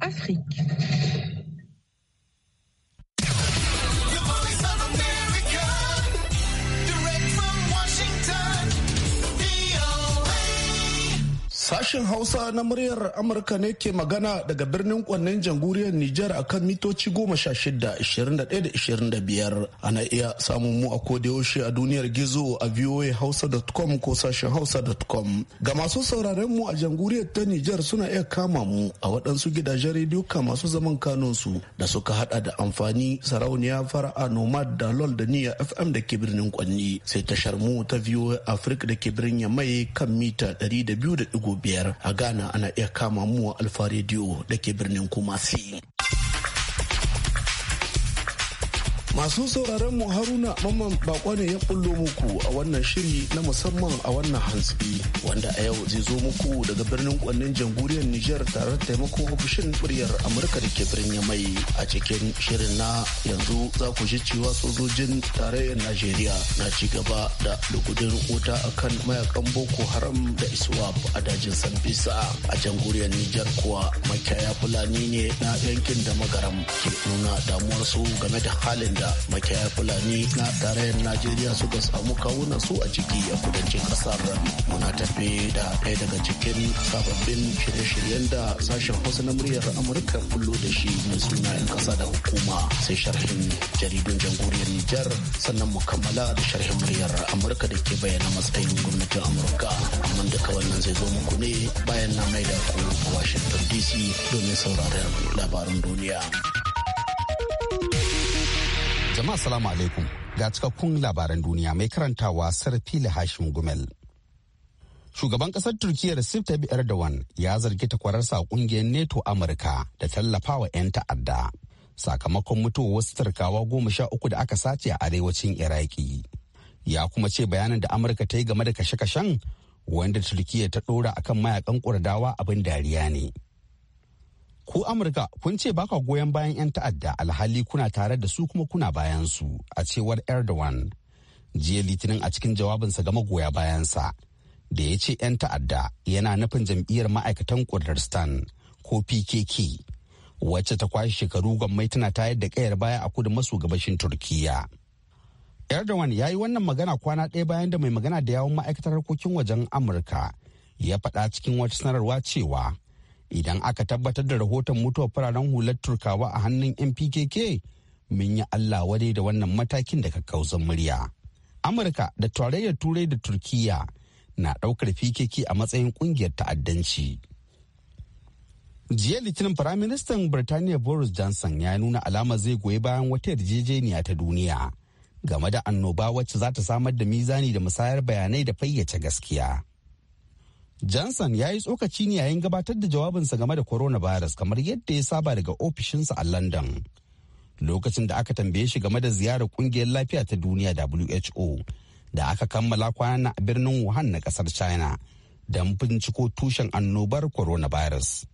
Afrique. Sashen Hausa na muryar Amurka ne ke magana daga birnin kwannin jamhuriyar Nijar a kan mitoci goma sha shida, ishirin Ana iya samun mu a kodayaushe a duniyar gizo a voahausa.com ko sashen hausa.com. Ga masu sauraren mu a jamhuriyar ta Nijar suna iya kama mu a waɗansu gidajen rediyo ka masu zaman kanunsu da suka hada da amfani sarauniya fara'a nomad da lol da niya FM da ke birnin kwanni sai tashar mu ta VOA Africa da ke birnin Yamai kan mita 200 da biyar a Ghana ana iya kama mu Alfa Radio da ke birnin Kumasi. Masu sauraron mu Haruna Mamman Bako ne ya bullo muku a wannan shiri na musamman a wannan hantsi wanda a yau zai zo muku daga birnin kwannin jamhuriyar Nijar tare da taimako ofishin biryar Amurka da ke birnin mai a cikin shirin na yanzu za ku ji cewa sojojin tarayyar Najeriya na ci gaba da dukudin wuta akan mayakan Boko Haram da ISWAP a dajin Sambisa a jamhuriyar Nijar kuwa makiyaya Fulani ne na yankin da magaram ke nuna su game da halin da da makiyaya fulani na tarayyar najeriya suka samu kawunan su a ciki a kudancin kasar muna tafi da ɗaya daga cikin sababbin shirye-shiryen da sashen hausa na muryar amurka kullo da shi mai suna 'yan ƙasa da hukuma sai sharhin jaridun jamhuriyar nijar sannan mu kammala da sharhin muryar amurka da ke bayyana matsayin gwamnatin amurka amma duka wannan zai zo muku ne bayan na mai da ku washington dc domin sauraron labarin duniya. Jama'a salamu alaikum ga cikakkun labaran duniya mai karantawa Sarfila Hashim Gumel. Shugaban kasar Turkiyya Recep Tayyip Erdogan ya zargi takwararsa kungiyar NATO Amurka da tallafawa 'yan ta'adda sakamakon mutuwa wasu tarkawa goma sha uku da aka sace a arewacin Iraki. Ya kuma ce bayanin da Amurka ta yi game da kashe-kashen wanda Turkiyya ta ɗora akan mayakan kurdawa abin dariya ne. ku amurka kun ce baka goyon bayan 'yan ta'adda alhali kuna tare da su kuma kuna bayan su a cewar erdogan jiya litinin a cikin jawabinsa ga magoya bayansa da ya ce 'yan ta'adda yana nufin jam'iyyar ma'aikatan kurdistan ko pkk wacce ta kwashe shekaru gwammai tana tayar da kayar baya a kudu maso gabashin turkiya erdogan ya yi wannan magana kwana ɗaya bayan da mai magana da yawon ma'aikatar harkokin wajen amurka ya faɗa cikin wata sanarwa cewa idan aka tabbatar da rahoton mutuwar fararen hular turkawa a hannun mpkk mun yi allah wadai da wannan matakin da kakkausan murya amurka da tarayyar turai da turkiya na ɗaukar pkk a matsayin ƙungiyar ta'addanci jiya litinin firaministan birtaniya boris johnson ya nuna alama zai goyi bayan wata yarjejeniya ta duniya game da annoba wacce za ta samar da mizani da musayar bayanai da fayyace gaskiya Johnson ya yi tsokaci ne yayin gabatar da jawabinsa game da coronavirus kamar yadda ya saba daga ofishinsa a London. Lokacin da aka tambaye shi game da ziyarar kungiyar lafiya ta duniya WHO da aka kammala kwana a birnin Wuhan na kasar China don binciko tushen annobar coronavirus.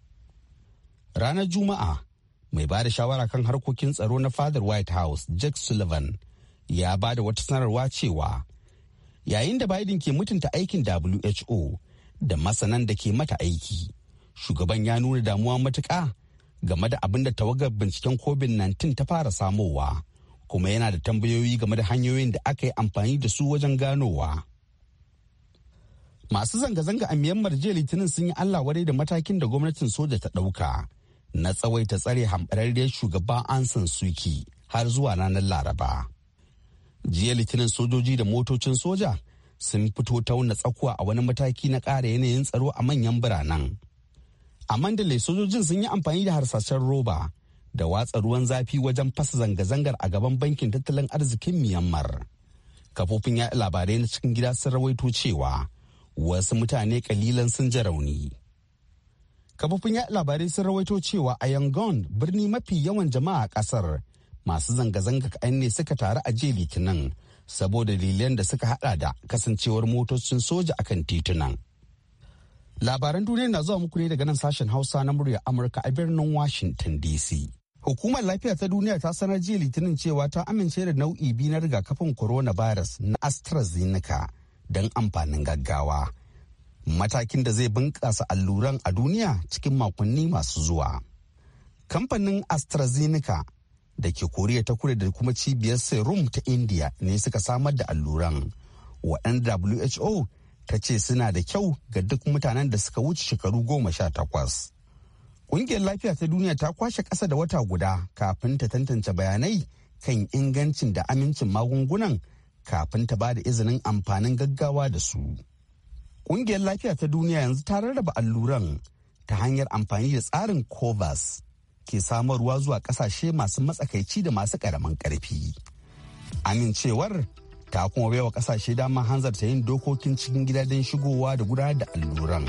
Ranar Juma'a, mai ba da shawara kan harkokin tsaro na fadar White House, Jack Sullivan, ya ba da wata sanarwa cewa yayin da Biden ke mutunta aikin WHO da masanan da ke mata aiki shugaban ya nuna damuwa matuƙa game da abin da tawagar binciken covid-19 ta fara samowa kuma yana da tambayoyi game da hanyoyin da aka yi amfani da su wajen ganowa masu zanga-zanga a myanmar jiya litinin sun yi allah wadai da matakin da gwamnatin soja ta ɗauka na tsawaita tsare hambararriyar shugaba an san suki har zuwa ranar laraba jiya litinin sojoji da motocin soja sun fito tauna tsakuwa a wani mataki na ƙara yanayin tsaro a manyan biranen. A Mandalay sojojin sun yi amfani da harsashen roba da watsa ruwan zafi wajen fasa zanga-zangar a gaban bankin tattalin arzikin Myanmar. Kafofin ya labarai na cikin gida sun rawaito cewa wasu mutane kalilan sun ji rauni. Kafofin ya labarai sun rawaito cewa a Yangon birni mafi yawan jama'a a kasar masu zanga-zanga kaɗan ne suka taru a jiya litinin saboda dalilan da suka hada da kasancewar motocin soja akan titunan. Labaran duniya na zuwa muku ne daga nan sashen Hausa na murya Amurka a birnin Washington DC. Hukumar lafiya ta duniya ta sanar jiya litinin cewa ta amince da nau'i biyu na rigakafin coronavirus na AstraZeneca don amfanin gaggawa. Matakin da zai bunƙasa alluran a duniya cikin makonni masu zuwa. Kamfanin AstraZeneca da ke koriya ta kudu da kuma cibiyar serum ta indiya ne suka samar da alluran waɗanda who ta ce suna da kyau ga duk mutanen da suka wuce shekaru goma sha takwas ƙungiyar lafiya ta duniya ta kwashe ƙasa da wata guda kafin ta tantance bayanai kan ingancin da amincin magungunan kafin ta ba da izinin amfanin gaggawa da su ƙungiyar lafiya ta duniya yanzu ta rarraba alluran ta hanyar amfani da tsarin covas ke samarwa zuwa kasashe masu matsakaici da masu karamin karfi. Amincewar ta kuma baiwa kasashe damar hanzarta yin dokokin cikin gida don shigowa da gudanar da alluran.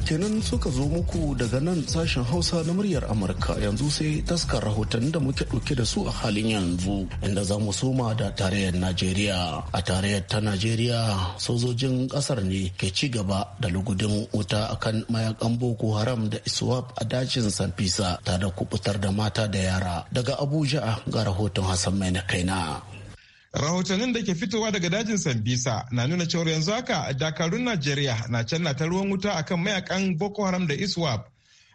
kenan suka zo muku daga nan sashen Hausa na muryar Amurka yanzu sai taskar rahoton da muke ɗauke da su a halin yanzu inda za mu soma da tarayyar Najeriya. A tarayyar ta Najeriya sojojin ƙasar ne ke ci gaba da lugudin wuta akan mayakan Boko Haram da Iswap a dajin Sanfisa tare da kubutar da mata da yara daga Abuja ga rahoton Hassan Mai na kaina. rahotannin da ke fitowa daga dajin sambisa na nuna cewar yanzu haka dakarun najeriya na canna ta ruwan wuta akan mayakan boko haram da iswap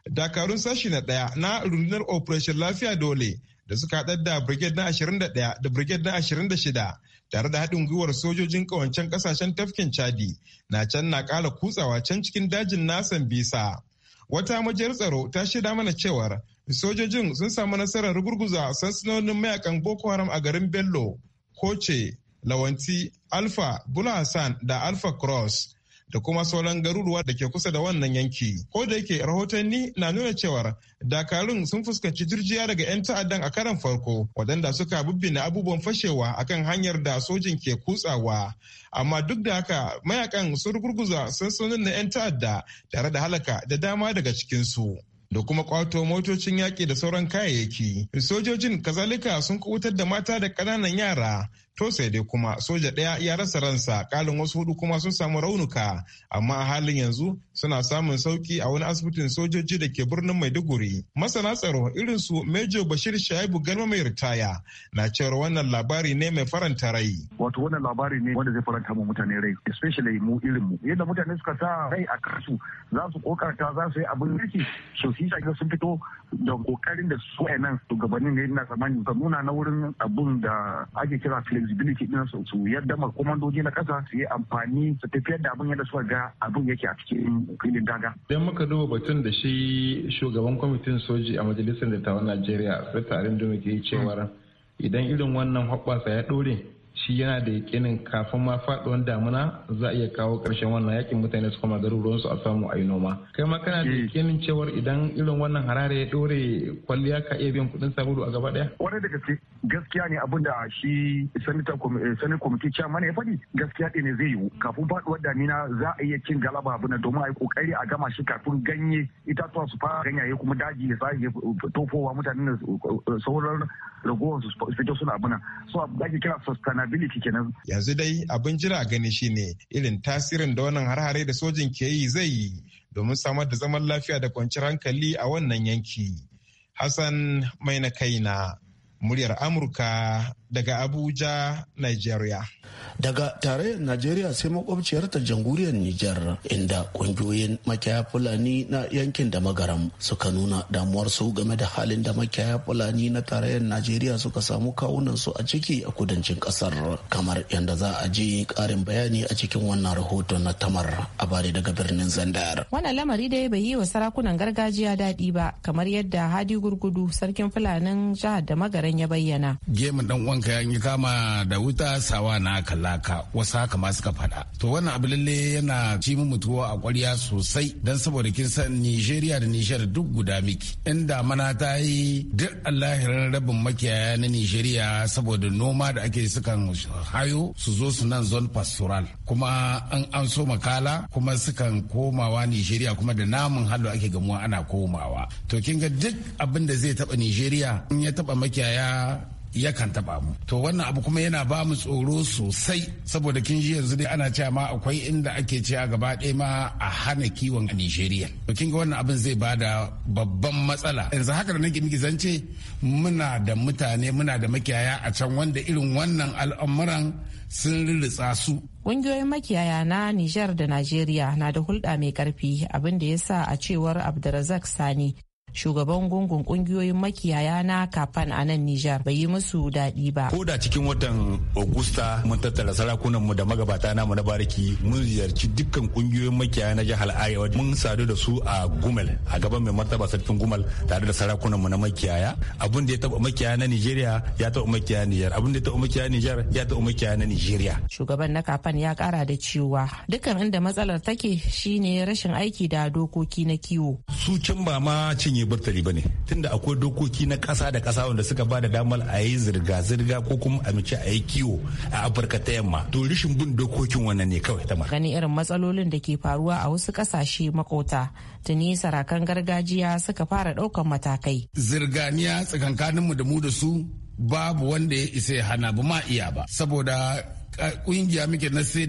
dakarun sashi na daya na rundunar operation lafiya dole da suka haɗar da brigade na 21 da brigade na 26 tare da haɗin gwiwar sojojin ƙawancen ƙasashen tafkin chadi na can na ƙara kutsawa can cikin dajin na sambisa wata majiyar tsaro ta shaida mana cewar sojojin sun samu nasarar rugurguza sansanonin mayakan boko haram a garin bello koce lawanti alfa bula da alfa cross da kuma sauran garuruwa da ke kusa da wannan yanki ko da yake rahotanni na nuna cewar dakarun sun fuskanci jirjiya daga 'yan ta'addan a karan farko wadanda suka bubbina abubuwan fashewa akan hanyar da sojin ke kutsawa amma duk da haka mayakan sun gurguza sansanin na 'yan ta'adda tare da halaka da dama daga cikinsu. da kuma kwato motocin yaƙi da sauran kayayyaki. Sojojin kazalika sun kubutar da mata da ƙananan yara to sai dai kuma soja ɗaya ya rasa ransa ƙalin wasu hudu kuma sun samu raunuka amma a halin yanzu suna samun sauki a wani asibitin sojoji da ke birnin maiduguri masana tsaro irin su Major bashir shaibu galma mai ritaya na cewar wannan labari ne mai faranta rai wato wannan labari ne wanda zai faranta mu mutane rai especially mu irin mu yadda mutane suka sa rai a kansu za su kokarta za su yi abin riki so su sun fito da kokarin da su nan shugabannin ne na tsammani nuna na wurin abun da ake kira visibility din su su yadda ma komandoji na kasa su yi amfani su tafiyar da abin yadda suka ga abin yake a cikin filin daga. Idan muka duba batun da shi shugaban kwamitin soji a majalisar dattawan Najeriya, Sir Tarin Dumike cewar idan irin wannan hoɓɓasa ya ɗore shi yana da yakinin kafin ma faɗuwan damuna za a iya kawo karshen wannan yakin mutane su koma garuruwan su a samu a yi noma kai ma kana da mm. yakinin cewar idan irin wannan harare ya dore kwalliya ka iya biyan kudin sabulu a gaba daya wani da gaske gaskiya ne abin da shi sanita sanin kwamiti chairman ya faɗi gaskiya ɗaya ne zai yiwu kafin faduwar damina za a iya cin galaba abin da domin a yi kokari a gama shi kafin ganye itatuwa su fara ganyaye kuma daji ya sa ya tofowa mutanen eh, sauran ragowar su fito suna abin so kira sustainability stability kenan yanzu dai abin jira gani shine irin tasirin da wannan harhare da sojin ke yi zai yi domin samar da zaman lafiya da kwanciyar hankali a wannan yanki hassan mai na kaina muryar amurka daga Abuja, Nigeria. Daga tarayyar Najeriya sai makwabciyar ta jamhuriyar Nijar inda kungiyoyin makiyaya Fulani na yankin da magaram suka nuna damuwar su game da halin da makiyaya Fulani na tarayyar Najeriya suka samu kawunansu a ciki a kudancin kasar kamar yadda za a ji karin bayani a cikin wannan rahoto na tamar a bari daga birnin Zandar. Wannan lamari dai bai yi wa sarakunan gargajiya daɗi ba kamar yadda Hadi Gurgudu sarkin Fulanin jihar da magaran ya bayyana. wanka yan yi kama da wuta sawa na kalaka wasu haka ma suka faɗa to wannan abu lalle yana ci mu mutuwa a ƙwarya sosai dan saboda kin san nijeriya da Niger duk guda miki inda mana ta yi duk allahirin rabin makiyaya na nijeriya saboda noma da ake sukan hayo su zo su nan zone pastoral kuma an an so makala kuma sukan komawa nijeriya kuma da namun hallo ake gamuwa ana komawa to kin ga duk abin da zai taba nijeriya in ya taba makiyaya yakan taba mu to wannan abu kuma yana ba mu tsoro sosai saboda kin ji yanzu dai ana cewa ma akwai inda ake cewa gaba ɗaya ma a hana kiwon a Nigeria to kin ga wannan abin zai bada babban matsala yanzu haka da nake miki zance muna da mutane muna da makiyaya a can wanda irin wannan al'amuran sun rirritsa su Ƙungiyoyin makiyaya na Nijar da Najeriya na da hulɗa mai ƙarfi abin da ya sa a cewar Abdulrazak Sani shugaban gungun kungiyoyin makiyaya na kafan a nan Nijar bai yi musu daɗi ba. Ko da cikin watan Augusta mun tattara sarakunan mu da magabata namu na bariki mun ziyarci dukkan kungiyoyin makiyaya na jihar Ayawa mun sadu da su a Gumel a gaban mai martaba sarkin Gumel tare da sarakunan mu na makiyaya abun da ya taɓa makiyaya na Nijeriya ya taɓa makiyaya Nijar abun da ya taɓa makiyaya Nijar ya taɓa makiyaya na Nijeriya. Shugaban na kafan ya kara da cewa dukkan inda matsalar take shine rashin aiki da dokoki na kiwo. Su can ba ma cin yi burtali ba ne tunda akwai dokoki na kasa da kasa wanda suka ba da damar a yi zirga-zirga ko kuma a mace a yi kiwo a afirka ta yamma to rishin bin dokokin wannan ne kawai tamar gani irin matsalolin da ke faruwa a wasu kasashe makota tuni sarakan gargajiya suka fara ɗaukan matakai zirganiya tsakankaninmu da mu da su babu wanda ya isa ya hana ba ma iya ba saboda kungiya muke na sai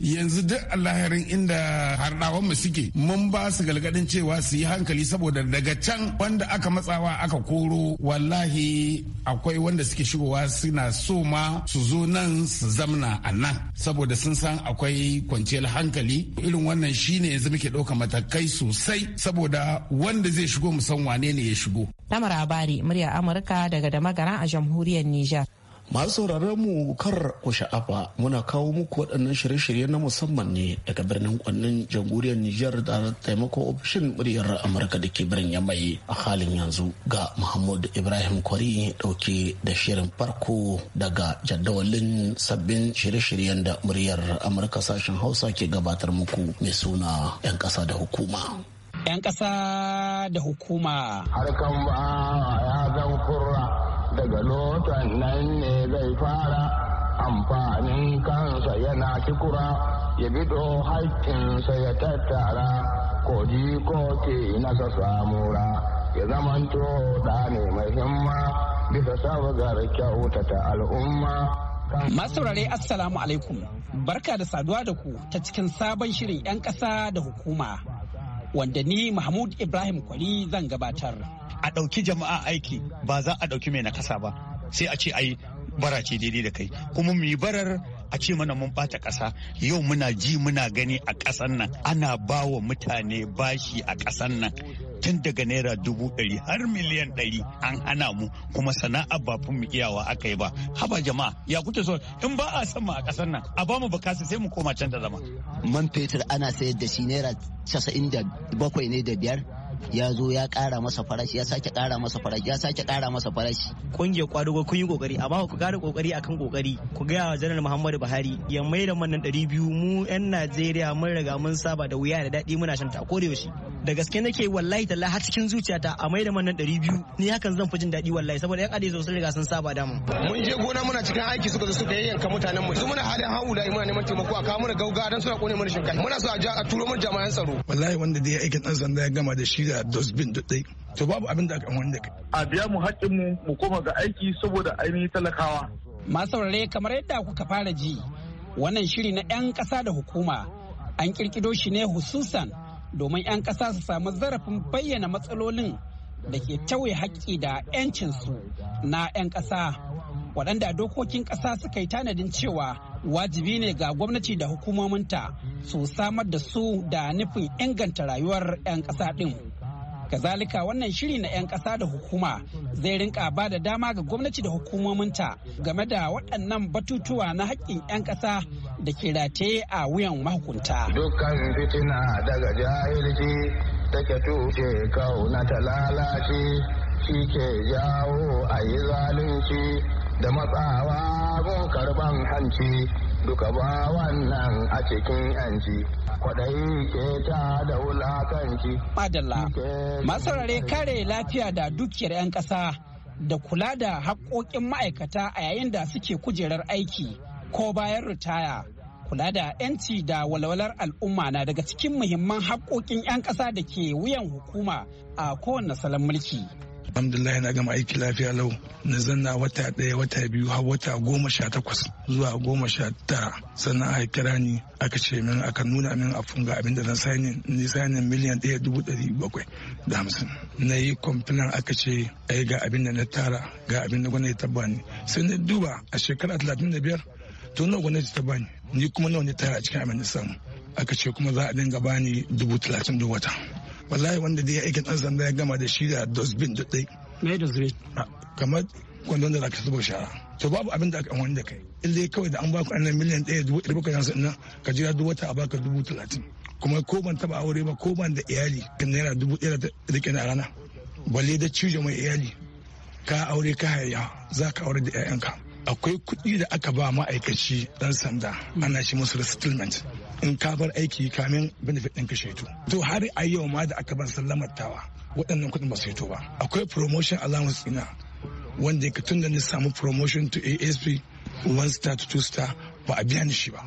yanzu duk alaharin inda harɗawan suke mun ba su galgadin cewa su yi hankali saboda daga can wanda aka matsawa aka koro wallahi akwai wanda suke shigowa suna so ma su zo nan su zamna a nan saboda sun san akwai kwanciyar hankali irin wannan shine yanzu muke ɗauka matakai sosai saboda wanda zai shigo musan san wane ne ya shigo. tamar Abari, murya Amurka daga da magana a jamhuriyar Nijar. Masu sauraron mu kar ku sha'afa muna kawo muku waɗannan shirye-shirye na musamman ne daga birnin kwannin jamhuriyar Nijar da taimako ofishin muryar Amurka da ke birnin Yamai a halin yanzu ga Muhammad Ibrahim Kwari dauke da shirin farko daga jadawalin sabbin shirye-shiryen da muryar Amurka sashen Hausa ke gabatar muku mai suna 'yan ƙasa da hukuma. 'Yan ƙasa da hukuma. Harkan ba ya daga lotan nan ne zai fara amfanin kansa yana kikura ya bido haƙƙinsa ya tattara koji ko ke nasa samura ya zamanto da ne mai himma bisa sabgar kyautata al'umma Masu Assalamu alaikum, barka da saduwa da ku ta cikin sabon shirin 'yan ƙasa da hukuma. wanda ni Mahmud Ibrahim Kwari zan gabatar. A ɗauki jama'a aiki ba za a ɗauki mai nakasa ba sai a ce ai bara ce daidai da kai kuma mu yi barar a ce mana mun bata ƙasa yau muna ji muna gani a ƙasan nan ana ba wa mutane bashi a ƙasan nan tun daga naira dubu ɗari har miliyan ɗari an hana mu kuma sana'a ba mu iyawa aka yi ba haba jama'a ya kuta so in ba a san mu a ƙasar nan a ba mu bakasa sai mu koma can da zama. man fetur ana sayar da shi naira casa'in da bakwai ne da biyar ya zo ya kara masa farashi ya sake kara masa farashi ya sake kara masa farashi kungiyar kwadugo kun yi kokari amma ku kara kokari akan kokari ku ga wa janar muhammadu buhari ya mai da man nan 200 mu yan najeriya mun riga mun saba da wuya da daɗi muna shan ta ko da yaushe da gaske nake wallahi talla har cikin zuciyata a mai da man nan 200 ni hakan zan fi jin daɗi wallahi saboda yan adezo sun riga sun saba da mu mun je gona muna cikin aiki suka zo suka yayyanka mutanen mu su muna halin da muna neman taimako a kawo mana gauga dan suna kone mana shinkafa muna so a turo mun jama'an tsaro wallahi wanda da ya aikin dan sanda ya gama da shi da dustbin duk dai to babu abin da aka wanda a biya mu haƙƙin mu mu koma ga aiki saboda ainihin talakawa masu saurare kamar yadda kuka fara ji wannan shiri na 'yan ƙasa da hukuma an kirkido shi ne hususan domin 'yan ƙasa su samu zarafin bayyana matsalolin da ke tauye haƙƙi da 'yancinsu na 'yan ƙasa waɗanda dokokin ƙasa suka yi tanadin cewa wajibi ne ga gwamnati da hukumominta su samar da su da nufin inganta rayuwar 'yan ƙasa ɗin. Kazalika wannan shiri na 'yan kasa da hukuma zai rinka ba da dama ga gwamnati da hukumominta game da waɗannan batutuwa na haƙƙin 'yan ƙasa da ke rataye a wuyan mahukunta. Dukkan fitina daga jahilci take tushe na ta lalace shi ke jawo a yi zalunci da matsawa gun karɓar hanci. duka ba wannan a cikin yanci kwaɗayi ke ta da wulakanci. Madalla, masarare kare lafiya da dukiyar 'yan ƙasa da kula da haƙoƙin ma'aikata a yayin da suke kujerar aiki ko bayan ritaya. Kula da 'yanci da walwalar al'umma na daga cikin muhimman haƙoƙin 'yan ƙasa da ke wuyan hukuma a kowane salon mulki. alhamdulillah na gama aiki lafiya lau na zanna wata ɗaya wata biyu har wata goma sha takwas zuwa goma sha tara sannan a kira ni aka ce min aka nuna min a funga abin da na sainin ni sainin miliyan ɗaya dubu ɗari bakwai da hamsin na yi kwamfilan aka ce ai ga abin da na tara ga abin da gwamnati ta bani sai na duba a shekara talatin da biyar to nawa gwamnati ta bani ni kuma nawa ne tara a cikin abin da aka ce kuma za a dinga bani dubu talatin duk wata wallahi wanda dai aikin ɗan sanda ya gama da shi da dosbin duk dai me dosbin ah, kamar kwandon da zaka zuba shara to babu abin da aka amfani da kai dai kawai da an baku annan miliyan ɗaya dubu ɗari bakwai hamsin nan ka jira duk wata a baka dubu talatin kuma ko ban taba aure ba ko ban da iyali kan naira dubu ɗaya da rike na rana balle da cije mai iyali ka aure ka haya za ka aure da 'ya'yanka akwai kuɗi da aka ba ma'aikaci ɗan sanda ana shi musu resettlement in ka bar aiki kamin benefit ɗin ka shaitu to har a yau ma da aka ban sallamar tawa waɗannan kuɗin ba su to ba akwai promotion allowance ina wanda ka tun da ni samu promotion to asp one star to two star ba a biya ni shi ba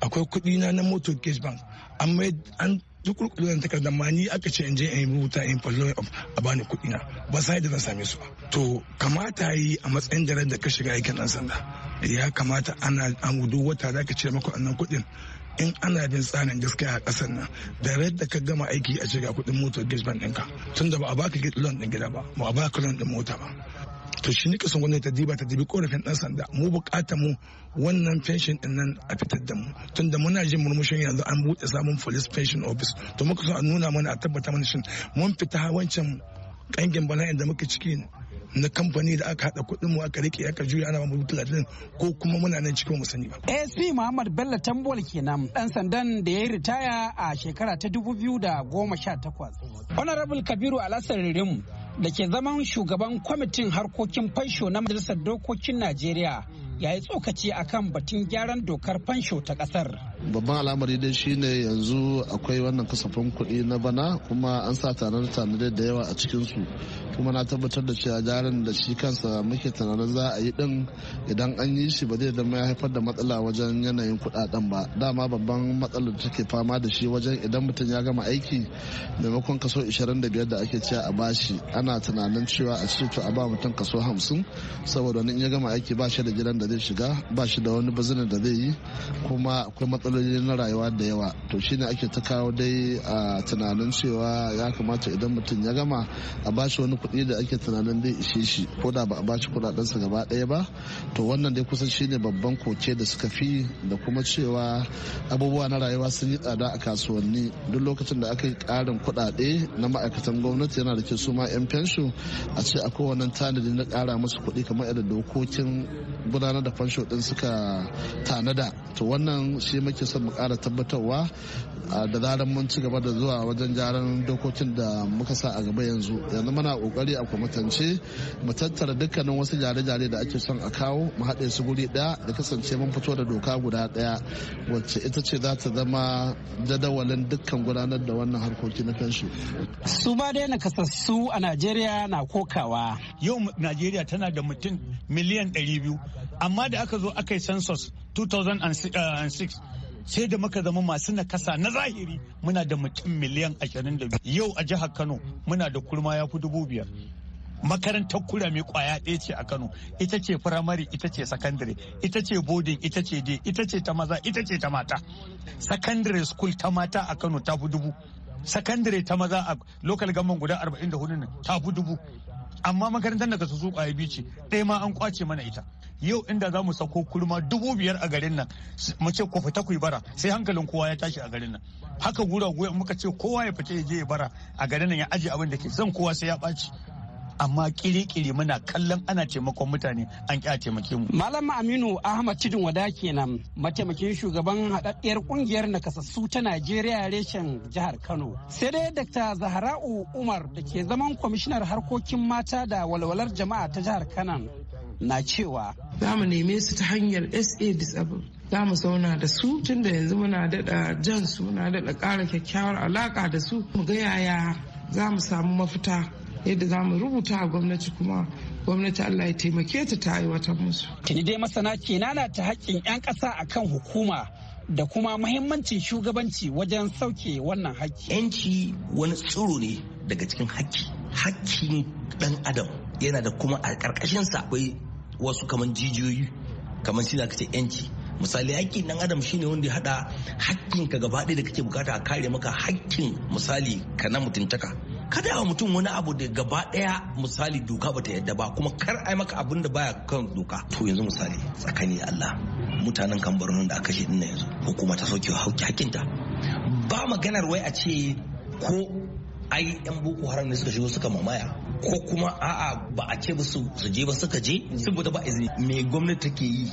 akwai kuɗi na na motor cash bank an zukurkudu da takardar ma ni aka ce in je in rubuta in follow up a bani kuɗi na ba sai da zan same su ba to kamata yi a matsayin da da ka shiga aikin ɗan sanda ya kamata ana an gudu wata za ka ce maka wannan kuɗin in ana bin tsarin gaskiya a ƙasar nan da yadda ka gama aiki a shiga kuɗin motar gizban ɗinka tun da ba a baka loan ɗin gida ba ba a baka loan ɗin mota ba to shi ne kasan gwamnati ta ta dibi korafin dan sanda mu bukatar mu wannan pension din nan a fitar da mu tunda muna jin murmushin yanzu an buɗe samun police pension office to muka so a nuna mana a tabbata mana shin mun fita wancan kangin bala'in da muka ciki na kamfani da aka haɗa kuɗin mu aka rike aka juya ana mu talatin ko kuma muna nan cikin mu sani ba. ASP Muhammad Bello Tambol kenan dan sandan da ya yi ritaya a shekara ta da goma sha 2018. Honorable Kabiru Alassan Ririm da ke zaman shugaban kwamitin harkokin fansho na majalisar dokokin najeriya ya yi tsokaci akan batun gyaran dokar fansho ta kasar. babban al'amari dai shine yanzu akwai wannan kasafin kuɗi na bana kuma an sa tanade-tanade da yawa a cikinsu kuma na tabbatar da cewa jarin da shi kansa muke tunanin za a yi din idan an yi shi ba zai zama ya haifar da matsala wajen yanayin kuɗaɗen ba dama babban matsalar da take fama da shi wajen idan mutum ya gama aiki maimakon kaso 25 da ake cewa a bashi ana tunanin cewa a ce to a ba mutum kaso 50 saboda in ya gama aiki ba shi da gidan da zai shiga ba shi da wani bazinin da zai yi kuma akwai matsalar matsaloli na rayuwa da yawa to shine ake ta kawo dai a tunanin cewa ya kamata idan mutum ya gama a ba shi wani kuɗi da ake tunanin dai ishe shi ko da ba a ba bashi kuɗaɗensa gaba ɗaya ba to wannan dai kusan shine babban koke da suka fi da kuma cewa abubuwa na rayuwa sun yi tsada a kasuwanni duk lokacin da aka yi ƙarin kuɗaɗe na ma'aikatan gwamnati yana da ke su ma 'yan fensho a ce a kowane tanadi na ƙara musu kuɗi kamar yadda dokokin gudanar da fansho ɗin suka tanada to wannan shi muke son mu kara tabbatarwa da zarar mun ci gaba da zuwa wajen jaran dokokin da muka sa a gaba yanzu yanzu muna kokari a kwamitance mu tattara dukkanin wasu jare-jare da ake son a kawo mu haɗe su guri ɗaya da kasance mun fito da doka guda ɗaya wacce ita ce za ta zama jadawalin dukkan gudanar da wannan harkoki na fenshi. su ma dai na kasassu a najeriya na kokawa yau najeriya tana da mutum miliyan 200 amma da aka zo aka yi census 2006 sai da muka zama masu nakasa na zahiri muna da mutum miliyan 22 yau a jihar kano muna da kurma ya fi dubu biyar makarantar kura mai kwaya ɗaya ce a kano ita ce firamare ita ce sakandare ita ce boarding ita ce dai ita ce ta maza ita ce ta mata sakandare school ta mata a kano ta fi dubu sakandare ta maza a lokal government guda 44 ne ta fi dubu amma makarantar da ka su kwaya biyu ce ɗaya ma an kwace mana ita yau inda za mu sako kulma dubu biyar a garin nan mu ce ku fita ku yi bara sai hankalin kowa ya tashi a garin nan haka gura goya muka ce kowa ya fita ya je ya bara a garin nan ya aje abin da ke zan kowa sai ya ɓaci amma kiri-kiri muna kallon ana taimakon mutane an kya taimake mu. Malam Aminu Ahmad Tidin Wada kenan mataimakin shugaban haɗaɗɗiyar ƙungiyar nakasassu ta Najeriya reshen jihar Kano. Sai dai Dr. Zahra'u Umar da ke zaman kwamishinar harkokin mata da walwalar jama'a ta jihar Kanan na cewa za mu neme su ta hanyar sa disabled za mu zauna da su tun da yanzu muna daɗa jan su muna daɗa ƙara kyakkyawar alaƙa da su mu ga yaya za mu samu mafita yadda za mu rubuta a gwamnati kuma gwamnati Allah ya taimake ta ta wata musu. Tuni dai masana ke nanata haƙƙin 'yan ƙasa akan hukuma da kuma mahimmancin shugabanci wajen sauke wannan haƙƙi. 'Yanci wani tsoro ne daga cikin haƙƙi. Haƙƙin ɗan adam yana da kuma a ƙarƙashinsa akwai wasu kaman jijiyoyi kaman shi ka ce yanci misali haƙƙin ɗan adam shine wanda ya haɗa haƙƙin ka gaba ɗaya da kake bukata a kare maka haƙƙin misali ka na mutuntaka kada wa mutum wani abu da gaba ɗaya misali doka bata yadda ba kuma kar ai maka abin da baya kan doka to yanzu misali tsakani Allah mutanen kan bar da aka shiɗin na yanzu hukuma ta sauke ta ba maganar wai a ce ko ai yan boko haram ne suka shigo suka mamaya ko kuma a'a ba a ce su su je ba suka je saboda ba izini me gwamnati take yi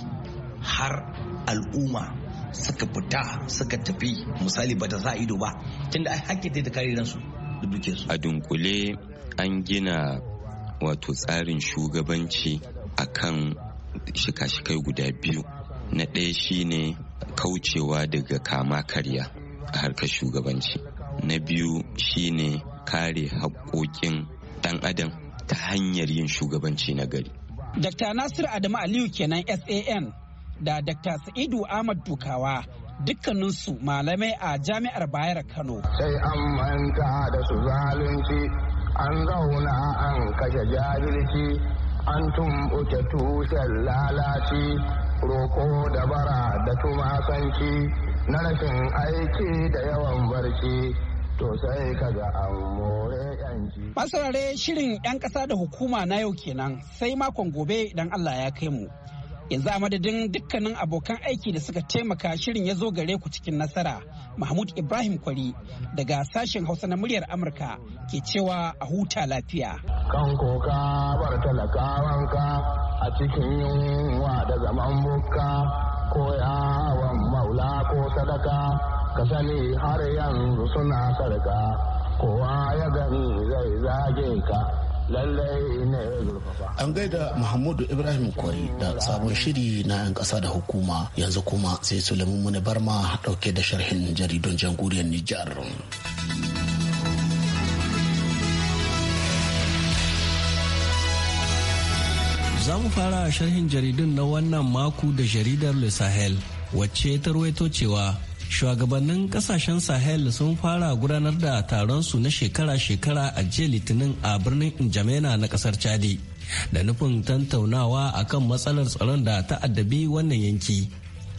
har al'umma suka fita suka tafi misali ba bata sa ido ba tunda ai hakki ta kare ransu da duke su a dunkule an gina wato tsarin shugabanci akan shika-shikai guda biyu na ɗaya shine kaucewa daga kama karya a harkar shugabanci na biyu shine kare haƙoƙin dan adam ta hanyar yin shugabanci na gari. Dr. Nasir Adamu Aliyu kenan SAN da Dr. Sa'idu Ahmad Dukawa dukkaninsu malamai a jami'ar Bayar Kano. Sai an manta da su zalunci, an zauna an kashe jahilci, an tumɓuke tushen lalaci, roko da bara da tumasanci, na rashin aiki da yawan barci. to sai ka ga Masarare shirin 'yan ƙasa da hukuma na yau kenan sai makon gobe idan Allah ya kai mu. Yanzu a madadin dukkanin abokan aiki da suka taimaka shirin ya zo gare ku cikin nasara. Mahmud Ibrahim Kwari daga sashen Hausa na muryar Amurka ke cewa a huta lafiya. Kan koka bar talakawanka a cikin yunwa da zaman buka ko yawon maula ko sadaka Kasani har yanzu suna sarka kowa ya gani zai zage ka lallai ne an gaida muhammadu ibrahim kwari da sabon shiri na 'yan kasa da hukuma yanzu kuma sai sulaiman muni barma dauke da sharhin jaridun jamhuriyar nijar za mu fara sharhin jaridun na wannan maku da jaridar le sahel wacce ta ruwaito cewa shugabannin kasashen sahel sun fara gudanar da taron su na shekara-shekara a jiya litinin a birnin injamena na kasar chadi da nufin tantaunawa akan matsalar tsaron da ta'addabi wannan yanki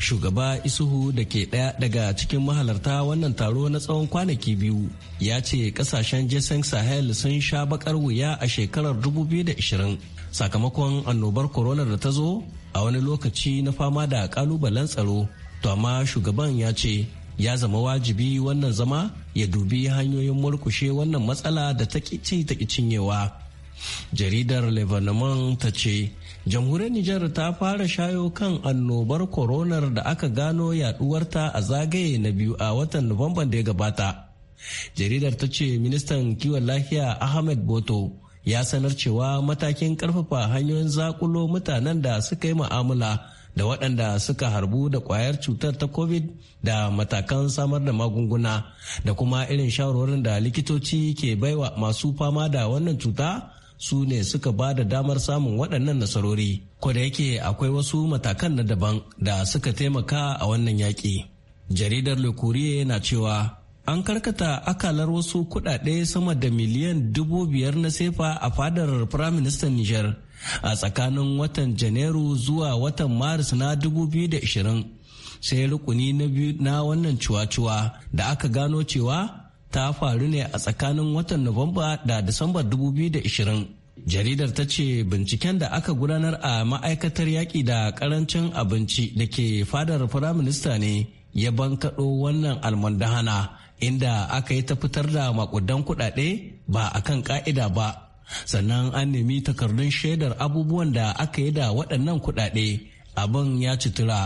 shugaba isuhu da ke ɗaya daga cikin mahalarta wannan taro na tsawon kwanaki biyu ya ce kasashen jason sahel sun sha bakar wuya a shekarar 2020 sakamakon annobar Corona da ta zo a wani lokaci na fama da kalubalen tsaro to amma shugaban ya ce ya zama wajibi wannan zama ya dubi hanyoyin murkushe wannan matsala da ta kici ta cinyewa jaridar lebanon ta ce jamhuriyar nijar ta fara shayo kan annobar koronar da aka gano yaduwarta a zagaye na biyu a watan nuwamban da ya gabata jaridar ta ce ministan kiwon lafiya ahmed boto ya sanar cewa matakin karfafa hanyoyin zakulo mutanen da suka yi mu'amala da waɗanda suka harbu da kwayar cutar ta covid da matakan samar da magunguna da kuma irin shawarwarin da likitoci ke baiwa masu fama da wannan cuta su ne suka ba da damar samun waɗannan nasarori ko da yake akwai wasu matakan na daban da suka taimaka a wannan yaƙi jaridar le na cewa an karkata akalar wasu kudade sama da miliyan dubu biyar na sefa a fadar firaministan Nijar a tsakanin watan Janairu zuwa watan Maris na 2020 sai rukuni na biyu na wannan cuwa-cuwa da aka gano cewa ta faru ne a tsakanin watan Nuwamba da Disambar 2020. Jaridar ta ce binciken da aka gudanar a ma'aikatar yaƙi da ƙarancin abinci da ke fadar firaminista ne ya bankaɗo wannan almandahana inda aka yi ta fitar da makudan kudade ba a kan ka'ida ba sannan an nemi takardun shaidar abubuwan da aka yi da waɗannan kudade abin ya citura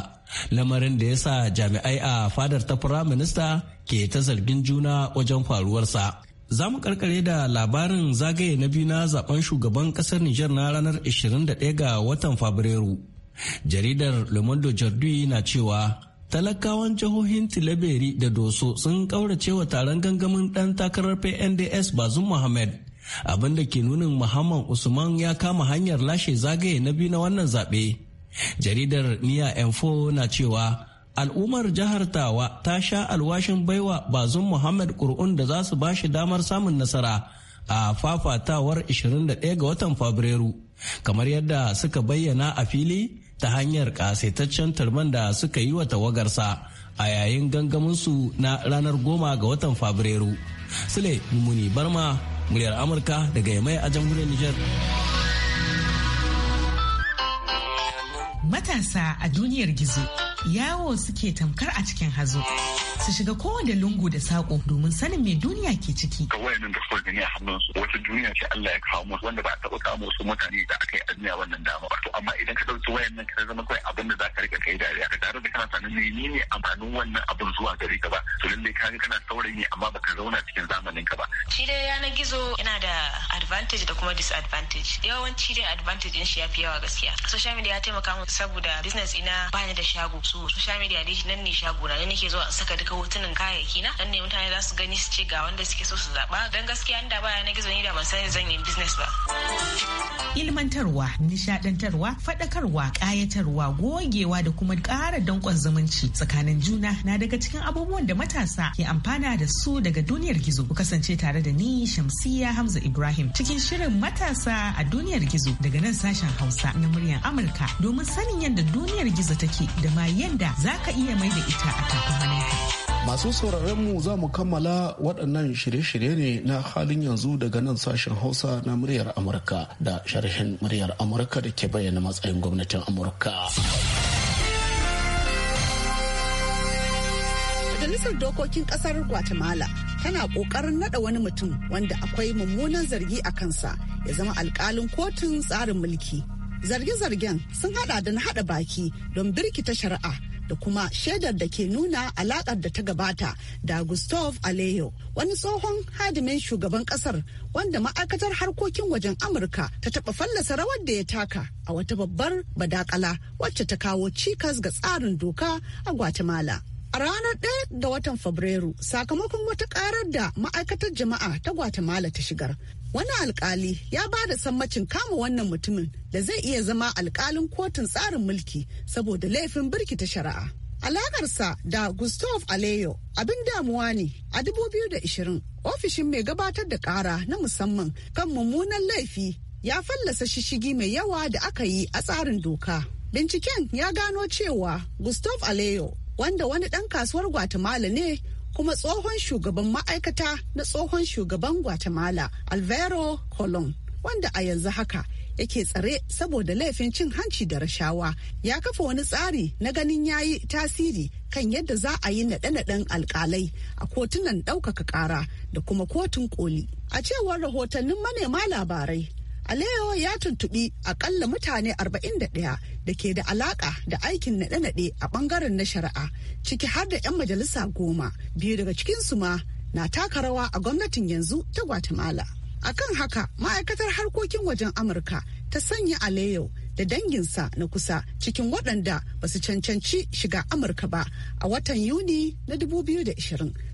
lamarin da ya sa jami'ai a fadar ta firaminista ke ta zargin juna wajen faruwarsa za mu karkare da labarin zagaye na biyu na zaben shugaban kasar niger na ranar 21 ga watan Fabrairu. Jaridar Le Monde na cewa talakawan jihohin Tileberi da doso sun kauracewa taron gangamin dan takarar pnds bazum muhammad abin da ke nunin muhammad usman ya kama hanyar lashe zagaye na biyu na wannan zaɓe jaridar niya 4 na cewa al'ummar jihar tawa ta sha alwashin baiwa bazum muhammad kur'un da za su ba shi damar samun nasara a fafatawar 21 ga watan fabrairu kamar yadda suka bayyana a fili ta hanyar kasaitaccen tarman da suka yi wa tawagarsa a yayin gangaminsu na ranar goma ga watan fabrairu sule muni barma muryar amurka daga yamai a jamhuriyar nijar. matasa a duniyar gizo yawo suke tamkar a cikin hazo su shiga kowane lungu da sako domin sanin me duniya ke ciki. Ga wayannan da suka gani a hannunsu wata duniya ce Allah ya kawo musu wanda ba a taɓa kawo wasu mutane da aka yi a wannan dama ba. To amma idan ka ɗauki wayannan ka zama kawai abin da za ka riƙa kai dariya ka tare da kana sanin menene amfanin wannan abin zuwa gari ka ba. To lallai ka ga kana saurayi amma baka zauna cikin zamanin ka ba. Shi dai yanar gizo yana da advantage da kuma disadvantage. Yawanci dai advantage in shi ya fi yawa gaskiya. Social media ya taimaka min saboda business ina bani da shago. su social media dai nan ne shagona ne nake zuwa saka duka hotunan kayayyaki na dan ne mutane za su gani su ce ga wanda suke so su zaba dan gaskiya inda baya na gizo ni da ban san zan yi business ba ilmantarwa nishadantarwa fadakarwa kayatarwa gogewa da kuma ƙara danƙon zumunci tsakanin juna na daga cikin abubuwan da matasa ke amfana da su daga duniyar gizo ku kasance tare da ni shamsiya hamza ibrahim cikin shirin matasa a duniyar gizo daga nan sashen hausa na muryar amurka domin sanin yadda duniyar gizo take da ma yadda za ka iya mai da ita a takwamanin Masu sauraron mu za mu kammala waɗannan shirye-shirye ne na halin yanzu daga nan sashen Hausa na muryar Amurka da sharhin muryar Amurka da ke bayyana matsayin gwamnatin Amurka. Majalisar Dokokin Ƙasar Guatemala tana ƙoƙarin naɗa wani mutum wanda akwai mummunan zargi a kansa ya zama alƙalin kotun tsarin mulki. Zarge-zargen sun hada da na hada baki don birkita shari'a da kuma shaidar da ke nuna alaƙar da ta gabata da Gustav Alejo, wani tsohon hadimin shugaban kasar wanda ma'aikatar harkokin wajen Amurka ta taɓa fallasa rawar da ya taka a wata babbar badakala wacce ta kawo cikas ga tsarin doka a Guatemala. A ranar ɗaya ga watan Fabrairu, sakamakon wata ƙarar da ma'aikatar jama'a ta Guatemala ta shigar, wani alkali ya ba da sammacin kama wannan mutumin da zai iya zama alkalin kotun tsarin mulki saboda laifin birkita shari'a. Alakarsa da Gustav Aleyo abin damuwa ne a 2020 ofishin mai gabatar da kara na musamman kan mummunan laifi ya fallasa shishigi mai yawa da aka yi a tsarin doka. Binciken ya gano cewa Gustav Aleyo wanda wani ɗan kasuwar Guatemala ne kuma tsohon shugaban ma'aikata na tsohon shugaban guatemala alvaro colon wanda a yanzu haka yake tsare saboda laifin cin hanci da rashawa ya kafa wani tsari na ganin yayi tasiri kan yadda za a yi naɗe-naɗen alƙalai a kotunan ɗaukaka ƙara da kuma kotun koli a cewar rahotannin manema labarai Aleyo ya tuntubi akalla mutane 41 da ke da alaƙa da aikin naɗe-naɗe a ɓangaren na shari'a ciki har da 'yan majalisa goma biyu daga cikinsu ma na taka rawa a gwamnatin yanzu ta Guatemala. a kan haka ma'aikatar harkokin wajen Amurka ta sanya Aleyo da danginsa na kusa cikin waɗanda ba su cancanci shiga Amurka ba a watan Yuni na 2020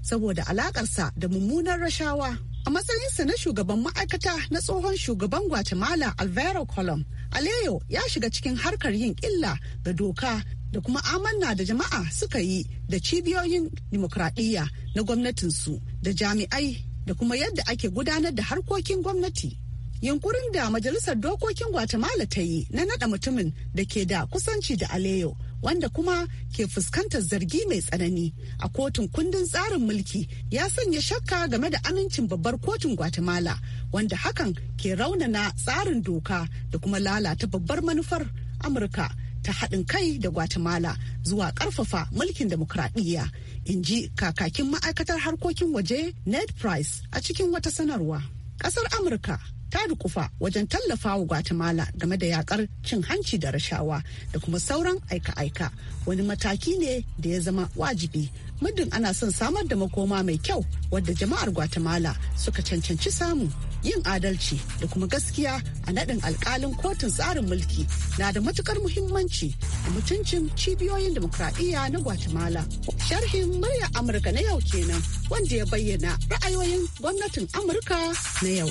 saboda alaƙarsa da mummunar rashawa. A matsayinsa na shugaban ma'aikata na tsohon shugaban Guatemala Alvaro Colom, Aleyo ya shiga cikin harkar yin illa da doka da kuma amanna da jama'a suka yi da cibiyoyin dimokuraɗiyya na gwamnatinsu da jami'ai da kuma yadda ake gudanar da harkokin gwamnati. Yankurin da Majalisar Dokokin Guatemala ta yi na naɗa mutumin da ke da kusanci da Aleyo wanda kuma ke fuskantar zargi mai tsanani a kotun kundin tsarin mulki ya sanya shakka game da amincin babbar kotun guatemala wanda hakan ke raunana tsarin doka da kuma lalata babbar manufar amurka ta haɗin kai da guatemala zuwa ƙarfafa mulkin demokradiyya in ji kakakin ma'aikatar harkokin waje ned price a cikin wata sanarwa ƙasar amurka ta rukufa wajen tallafa wa Guatemala game da yakar cin hanci da rashawa da kuma sauran aika-aika wani mataki ne da ya zama wajibi muddin ana son samar da makoma mai kyau wadda jama'ar Guatemala suka cancanci samu yin adalci da kuma gaskiya a naɗin alkalin kotun tsarin mulki na da matukar muhimmanci da mutuncin cibiyoyin demokradiyya na Guatemala. Sharhin murya Amurka na yau kenan wanda ya bayyana ra'ayoyin gwamnatin Amurka na yau.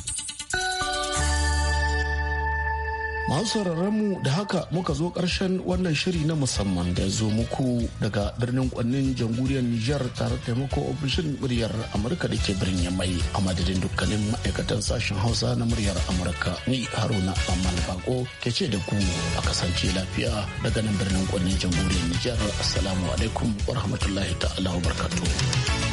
masu mu da haka muka zo ƙarshen wannan shiri na musamman da zo muku daga birnin kwannin jamhuriyar Nijar tare da taimako ofishin muryar Amurka da ke birnin mai a madadin dukkanin ma'aikatan sashen Hausa na muryar Amurka ni Haruna Amman Bako ke ce da ku a kasance lafiya daga nan birnin kwannin jamhuriyar Nijar Assalamu alaikum wa rahmatullahi ta'ala wa barkatu.